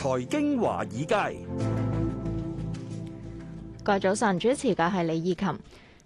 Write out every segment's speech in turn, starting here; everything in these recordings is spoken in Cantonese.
財經華爾街，各位早晨，主持嘅係李義琴。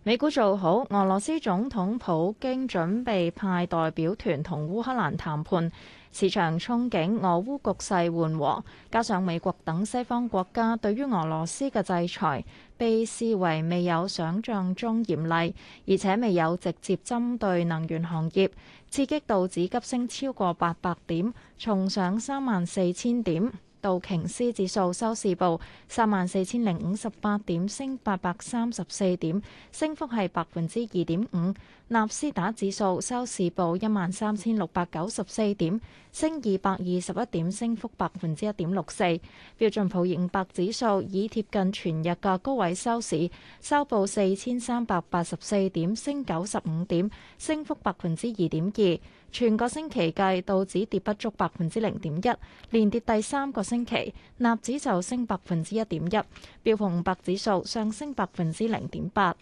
美股做好，俄羅斯總統普京準備派代表團同烏克蘭談判，市場憧憬俄烏局勢緩和，加上美國等西方國家對於俄羅斯嘅制裁被視為未有想象中嚴厲，而且未有直接針對能源行業，刺激道指急升超過八百點，重上三萬四千點。道瓊斯指數收市報三萬四千零五十八點，升八百三十四點，升幅係百分之二點五。納斯達指數收市報一萬三千六百九十四點，升二百二十一點，升幅百分之一點六四。標準普爾五百指數已貼近全日嘅高位收市，收報四千三百八十四點，升九十五點，升幅百分之二點二。全個星期計，道指跌不足百分之零點一，連跌第三個星期；納指就升百分之一點一，標普五百指數上升百分之零點八。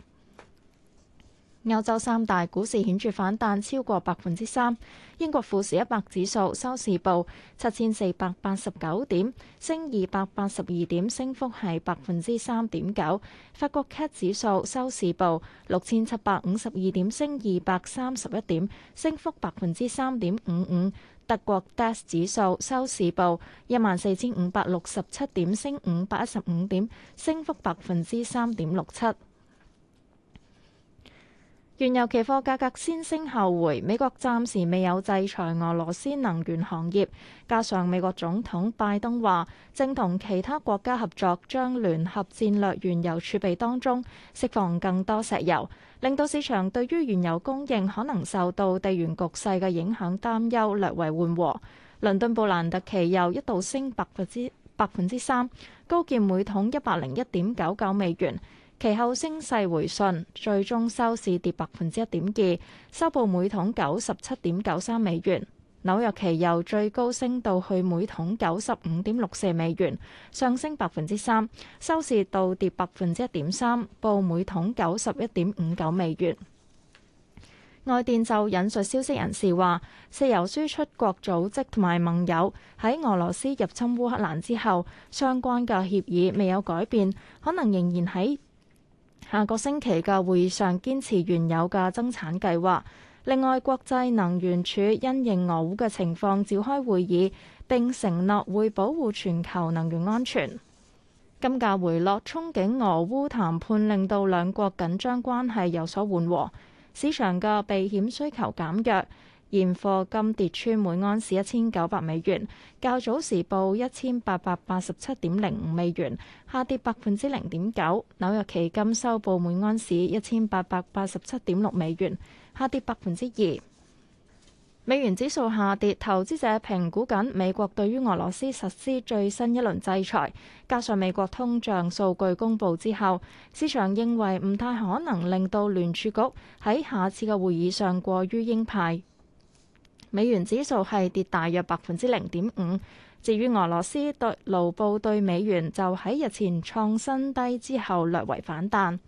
歐洲三大股市顯著反彈，超過百分之三。英國富時一百指數收市報七千四百八十九點，升二百八十二點，升幅係百分之三點九。法國 CAC 指數收市報六千七百五十二點，升二百三十一點，升幅百分之三點五五。德國 Dax 指數收市報一萬四千五百六十七點，升五百一十五點，升幅百分之三點六七。原油期貨價格先升後回，美國暫時未有制裁俄羅斯能源行業，加上美國總統拜登話正同其他國家合作，將聯合戰略原油儲備當中釋放更多石油，令到市場對於原油供應可能受到地緣局勢嘅影響擔憂略為緩和。倫敦布蘭特期油一度升百分之百分之三，高見每桶一百零一點九九美元。其後升勢回順，最終收市跌百分之一點二，收報每桶九十七點九三美元。紐約期油最高升到去每桶九十五點六四美元，上升百分之三，收市到跌百分之一點三，報每桶九十一點五九美元。外電就引述消息人士話，石油輸出國組織同埋盟友喺俄羅斯入侵烏克蘭之後，相關嘅協議未有改變，可能仍然喺。下個星期嘅會議上堅持原有嘅增產計劃。另外，國際能源署因應俄烏嘅情況召開會議，並承諾會保護全球能源安全。金價回落，憧憬俄烏談判，判令到兩國緊張關係有所緩和，市場嘅避險需求減弱。現貨金跌穿每盎司一千九百美元，較早時報一千八百八十七點零五美元，下跌百分之零點九。紐約期金收報每盎司一千八百八十七點六美元，下跌百分之二。美元指數下跌，投資者評估緊美國對於俄羅斯實施最新一輪制裁，加上美國通脹數據公布之後，市場認為唔太可能令到聯儲局喺下次嘅會議上過於鷹派。美元指數係跌大約百分之零點五。至於俄羅斯對盧布對美元就喺日前創新低之後略為反彈。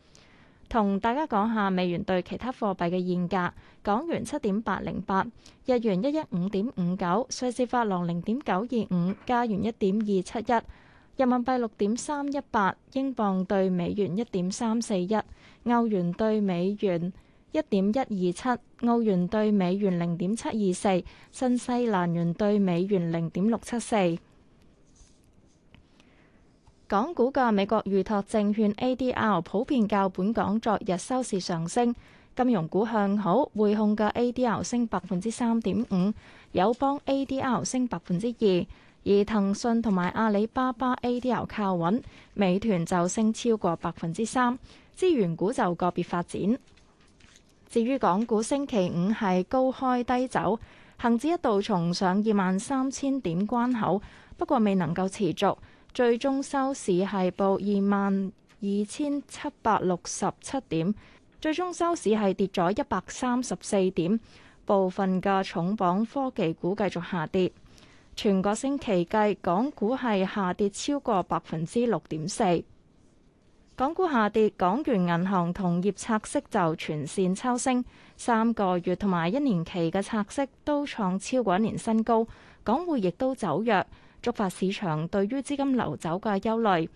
同大家講下美元對其他貨幣嘅現價：港元七點八零八，日元一一五點五九，瑞士法郎零點九二五，加元一點二七一，人民幣六點三一八，英鎊對美元一點三四一，歐元對美元，一點一二七，澳元對美元零點七二四，新西蘭元對美元零點六七四。港股嘅美國預託證券 ADR 普遍較本港昨日收市上升，金融股向好，匯控嘅 ADR 升百分之三點五，友邦 ADR 升百分之二，而騰訊同埋阿里巴巴 ADR 靠穩，美團就升超過百分之三，資源股就個別發展。至於港股星期五係高開低走，恆指一度重上二萬三千點關口，不過未能夠持續，最終收市係報二萬二千七百六十七點，最終收市係跌咗一百三十四點，部分嘅重磅科技股繼續下跌，全個星期計，港股係下跌超過百分之六點四。港股下跌，港元銀行同業拆息就全綫抽升，三個月同埋一年期嘅拆息都創超過一年新高。港匯亦都走弱，觸發市場對於資金流走嘅憂慮。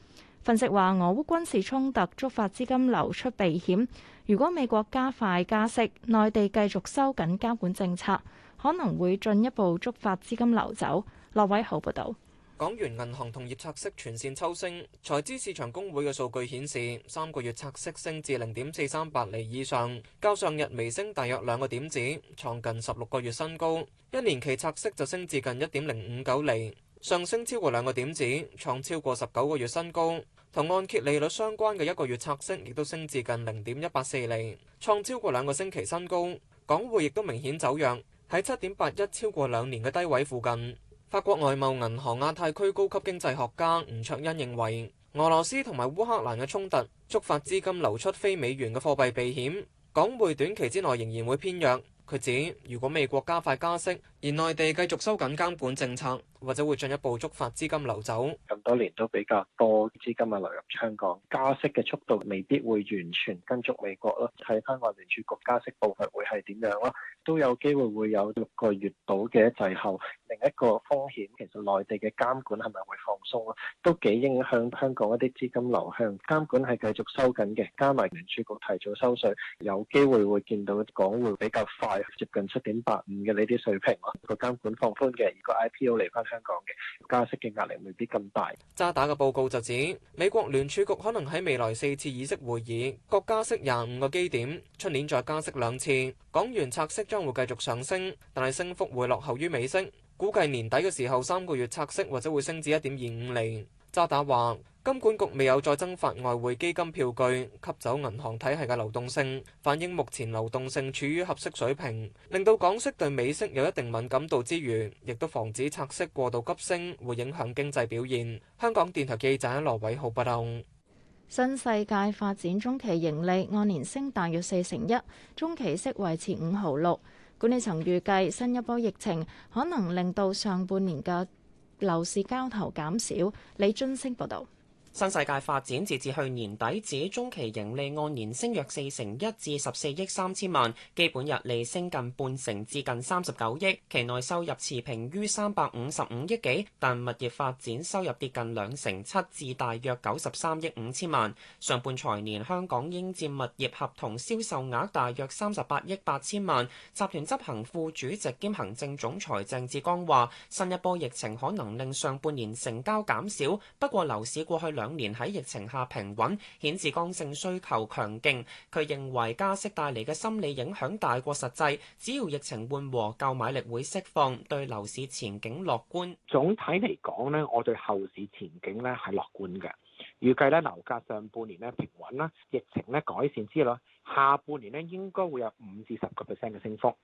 分析話俄烏軍事衝突觸發資金流出避險，如果美國加快加息，內地繼續收緊監管政策，可能會進一步觸發資金流走。樂偉豪報道。港元銀行同業拆息全線抽升，財資市場公會嘅數據顯示，三個月拆息升至零點四三八厘以上，較上日微升大約兩個點子，創近十六個月新高。一年期拆息就升至近一點零五九厘，上升超過兩個點子，創超過十九個月新高。同按揭利率相關嘅一個月拆息亦都升至近零點一八四厘，創超過兩個星期新高。港匯亦都明顯走弱，喺七點八一超過兩年嘅低位附近。法國外貿銀行亞太區高級經濟學家吳卓恩認為，俄羅斯同埋烏克蘭嘅衝突觸發資金流出非美元嘅貨幣避險，港匯短期之內仍然會偏弱。佢指，如果美國加快加息，而內地繼續收緊監管政策，或者會進一步觸發資金流走。咁多年都比較多資金啊流入香港。加息嘅速度未必會完全跟足美國咯，睇返話聯儲局加息步伐會係點樣咯，都有機會會有六個月到嘅滯後。另一個風險其實內地嘅監管係咪會放鬆咯？都幾影響香港一啲資金流向。監管係繼續收緊嘅，加埋聯儲局提早收稅，有機會會見到港匯比較快接近七點八五嘅呢啲水平。個監管放寬嘅，而個 IPO 嚟翻香港嘅，加息嘅壓力未必咁大。渣打嘅報告就指，美國聯儲局可能喺未來四次議息會議各加息廿五個基點，出年再加息兩次，港元拆息將會繼續上升，但係升幅會落後於美息。估計年底嘅時候三個月拆息或者會升至一點二五厘。渣打話。金管局未有再增發外匯基金票據，吸走銀行體系嘅流動性，反映目前流動性處於合適水平，令到港息對美息有一定敏感度之餘，亦都防止拆息過度急升，會影響經濟表現。香港電台記者羅偉浩報道。新世界發展中期盈利按年升大約四成一，中期息維持五毫六。管理層預計新一波疫情可能令到上半年嘅樓市交投減少。李津升報道。新世界發展截至去年底止中期盈利按年升約四成一，至十四億三千萬；基本日利升近半成，至近三十九億。期內收入持平於三百五十五億幾，但物業發展收入跌近兩成七，至大約九十三億五千萬。上半財年香港應佔物業合同銷售額大約三十八億八千萬。集團執行副主席兼行政總裁鄭志剛話：新一波疫情可能令上半年成交減少，不過樓市過去兩兩年喺疫情下平穩，顯示剛性需求強勁。佢認為加息帶嚟嘅心理影響大過實際。只要疫情緩和，購買力會釋放，對樓市前景樂觀。總體嚟講呢，我對後市前景呢係樂觀嘅。預計咧，樓價上半年呢平穩啦，疫情咧改善之後，下半年呢應該會有五至十個 percent 嘅升幅。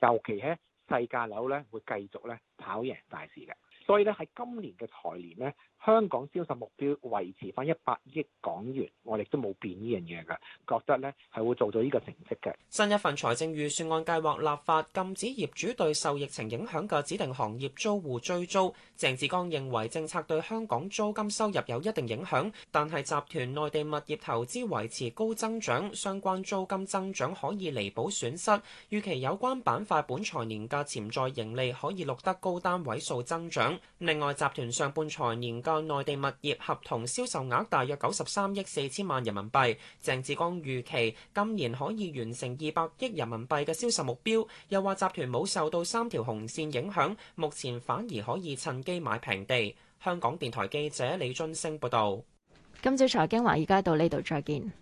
尤其喺細價樓咧，會繼續咧跑贏大市嘅。所以咧喺今年嘅財年呢，香港銷售目標維持翻一百億港元，我哋都冇變呢樣嘢㗎，覺得呢，係會做到呢個成績嘅。新一份財政預算案計劃立法禁止業主對受疫情影響嘅指定行業租戶追租。鄭志剛認為，政策對香港租金收入有一定影響，但係集團內地物業投資維持高增長，相關租金增長可以彌補損失，預期有關板塊本財年嘅潛在盈利可以錄得高單位數增長。另外，集團上半財年嘅內地物業合同銷售額大約九十三億四千萬人民幣。鄭志剛預期今年可以完成二百億人民幣嘅銷售目標，又話集團冇受到三條紅線影響，目前反而可以趁機買平地。香港電台記者李津升報道。今朝財經華爾街到呢度，再見。